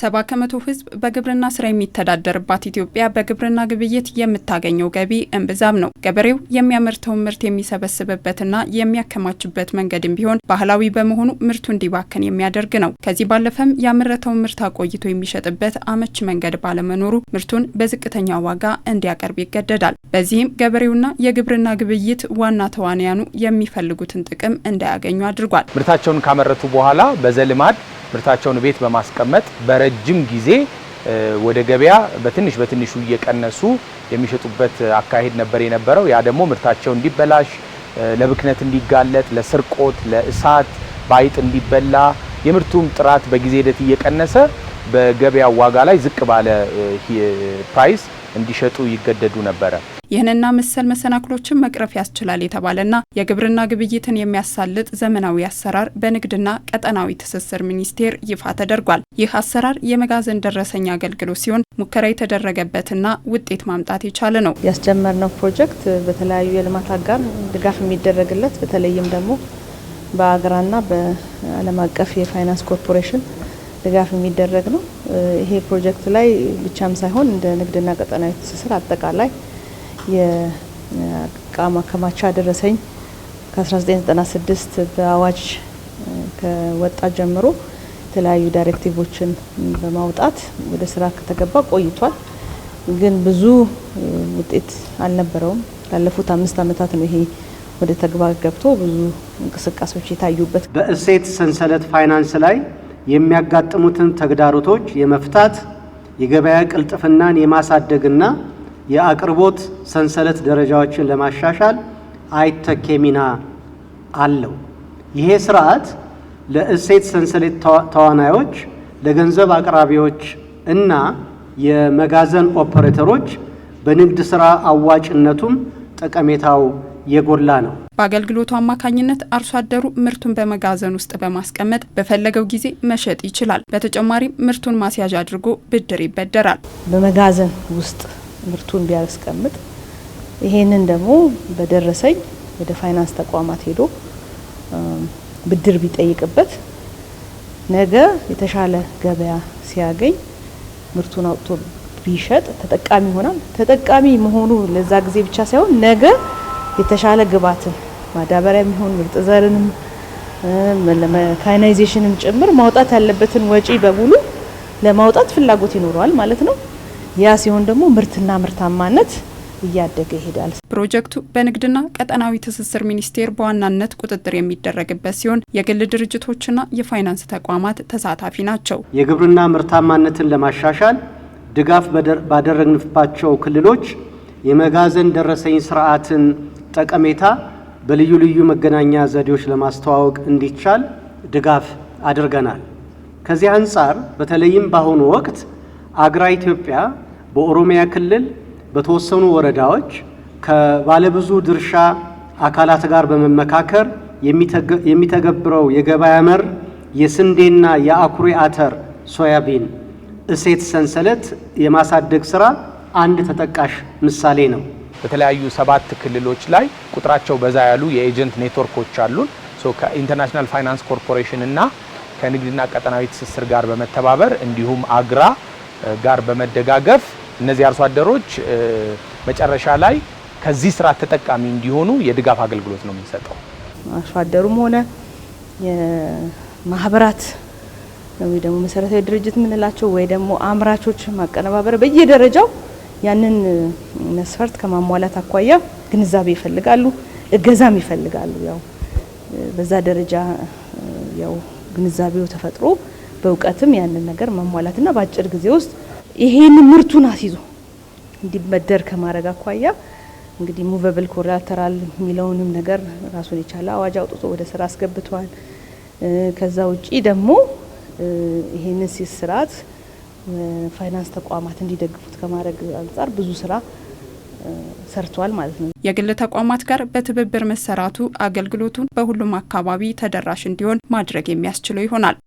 ሰባ ከመቶ ህዝብ በግብርና ስራ የሚተዳደርባት ኢትዮጵያ በግብርና ግብይት የምታገኘው ገቢ እምብዛም ነው። ገበሬው የሚያመርተውን ምርት የሚሰበስብበትና የሚያከማችበት መንገድም ቢሆን ባህላዊ በመሆኑ ምርቱ እንዲባክን የሚያደርግ ነው። ከዚህ ባለፈም ያመረተውን ምርት አቆይቶ የሚሸጥበት አመች መንገድ ባለመኖሩ ምርቱን በዝቅተኛ ዋጋ እንዲያቀርብ ይገደዳል። በዚህም ገበሬውና የግብርና ግብይት ዋና ተዋንያኑ የሚፈልጉትን ጥቅም እንዳያገኙ አድርጓል። ምርታቸውን ካመረቱ በኋላ በዘልማድ ምርታቸውን ቤት በማስቀመጥ በረጅም ጊዜ ወደ ገበያ በትንሽ በትንሹ እየቀነሱ የሚሸጡበት አካሄድ ነበር የነበረው። ያ ደግሞ ምርታቸው እንዲበላሽ፣ ለብክነት እንዲጋለጥ፣ ለስርቆት፣ ለእሳት፣ ባይጥ እንዲበላ የምርቱም ጥራት በጊዜ ሂደት እየቀነሰ በገበያ ዋጋ ላይ ዝቅ ባለ ፕራይስ እንዲሸጡ ይገደዱ ነበረ። ይህንና መሰል መሰናክሎችን መቅረፍ ያስችላል የተባለና የግብርና ግብይትን የሚያሳልጥ ዘመናዊ አሰራር በንግድና ቀጠናዊ ትስስር ሚኒስቴር ይፋ ተደርጓል። ይህ አሰራር የመጋዘን ደረሰኝ አገልግሎት ሲሆን ሙከራ የተደረገበትና ውጤት ማምጣት የቻለ ነው። ያስጀመርነው ፕሮጀክት በተለያዩ የልማት አጋር ድጋፍ የሚደረግለት በተለይም ደግሞ በአገራና በዓለም አቀፍ የፋይናንስ ኮርፖሬሽን ድጋፍ የሚደረግ ነው። ይሄ ፕሮጀክት ላይ ብቻም ሳይሆን እንደ ንግድና ቀጠናዊ ትስስር አጠቃላይ የእቃ ማከማቻ ደረሰኝ ከ1996 በአዋጅ ከወጣ ጀምሮ የተለያዩ ዳይሬክቲቮችን በማውጣት ወደ ስራ ከተገባ ቆይቷል። ግን ብዙ ውጤት አልነበረውም። ላለፉት አምስት ዓመታት ነው ይሄ ወደ ተግባር ገብቶ ብዙ እንቅስቃሴዎች የታዩበት። በእሴት ሰንሰለት ፋይናንስ ላይ የሚያጋጥሙትን ተግዳሮቶች የመፍታት የገበያ ቅልጥፍናን የማሳደግና የአቅርቦት ሰንሰለት ደረጃዎችን ለማሻሻል አይተኬ ሚና አለው። ይሄ ስርዓት ለእሴት ሰንሰለት ተዋናዮች፣ ለገንዘብ አቅራቢዎች እና የመጋዘን ኦፐሬተሮች በንግድ ስራ አዋጭነቱም ጠቀሜታው የጎላ ነው። በአገልግሎቱ አማካኝነት አርሶ አደሩ ምርቱን በመጋዘን ውስጥ በማስቀመጥ በፈለገው ጊዜ መሸጥ ይችላል። በተጨማሪም ምርቱን ማስያዣ አድርጎ ብድር ይበደራል። በመጋዘን ውስጥ ምርቱን ቢያስቀምጥ ይሄንን ደግሞ በደረሰኝ ወደ ፋይናንስ ተቋማት ሄዶ ብድር ቢጠይቅበት ነገ የተሻለ ገበያ ሲያገኝ ምርቱን አውጥቶ ቢሸጥ ተጠቃሚ ይሆናል። ተጠቃሚ መሆኑ ለዛ ጊዜ ብቻ ሳይሆን ነገ የተሻለ ግብዓትን ማዳበሪያ ይሁን ምርጥ ዘርንም መካናይዜሽንም ጭምር ማውጣት ያለበትን ወጪ በሙሉ ለማውጣት ፍላጎት ይኖረዋል ማለት ነው። ያ ሲሆን ደግሞ ምርትና ምርታማነት እያደገ ይሄዳል። ፕሮጀክቱ በንግድና ቀጠናዊ ትስስር ሚኒስቴር በዋናነት ቁጥጥር የሚደረግበት ሲሆን የግል ድርጅቶችና የፋይናንስ ተቋማት ተሳታፊ ናቸው። የግብርና ምርታማነትን ለማሻሻል ድጋፍ ባደረግንባቸው ክልሎች የመጋዘን ደረሰኝ ስርዓትን ጠቀሜታ በልዩ ልዩ መገናኛ ዘዴዎች ለማስተዋወቅ እንዲቻል ድጋፍ አድርገናል። ከዚህ አንጻር በተለይም በአሁኑ ወቅት አግራ ኢትዮጵያ በኦሮሚያ ክልል በተወሰኑ ወረዳዎች ከባለብዙ ድርሻ አካላት ጋር በመመካከር የሚተገብረው የገበያ መር የስንዴና የአኩሪ አተር ሶያቢን እሴት ሰንሰለት የማሳደግ ስራ አንድ ተጠቃሽ ምሳሌ ነው። በተለያዩ ሰባት ክልሎች ላይ ቁጥራቸው በዛ ያሉ የኤጀንት ኔትወርኮች አሉን። ከኢንተርናሽናል ፋይናንስ ኮርፖሬሽን እና ከንግድና ቀጠናዊ ትስስር ጋር በመተባበር እንዲሁም አግራ ጋር በመደጋገፍ እነዚህ አርሶ አደሮች መጨረሻ ላይ ከዚህ ስራ ተጠቃሚ እንዲሆኑ የድጋፍ አገልግሎት ነው የምንሰጠው። አርሶ አደሩም ሆነ የማህበራት ወይ ደግሞ መሰረታዊ ድርጅት የምንላቸው ወይ ደግሞ አምራቾች ማቀነባበር በየደረጃው ያንን መስፈርት ከማሟላት አኳያ ግንዛቤ ይፈልጋሉ፣ እገዛም ይፈልጋሉ። ያው በዛ ደረጃ ያው ግንዛቤው ተፈጥሮ በእውቀትም ያንን ነገር ማሟላትና በአጭር ጊዜ ውስጥ ይሄን ምርቱን አስይዞ እንዲመደር ከማድረግ አኳያ እንግዲህ ሙቨብል ኮላተራል የሚለውንም ነገር ራሱን የቻለ አዋጅ አውጥቶ ወደ ስራ አስገብቷል። ከዛ ውጪ ደግሞ ይሄንን ስርዓት ፋይናንስ ተቋማት እንዲደግፉት ከማድረግ አንጻር ብዙ ስራ ሰርቷል ማለት ነው። የግል ተቋማት ጋር በትብብር መሰራቱ አገልግሎቱን በሁሉም አካባቢ ተደራሽ እንዲሆን ማድረግ የሚያስችለው ይሆናል።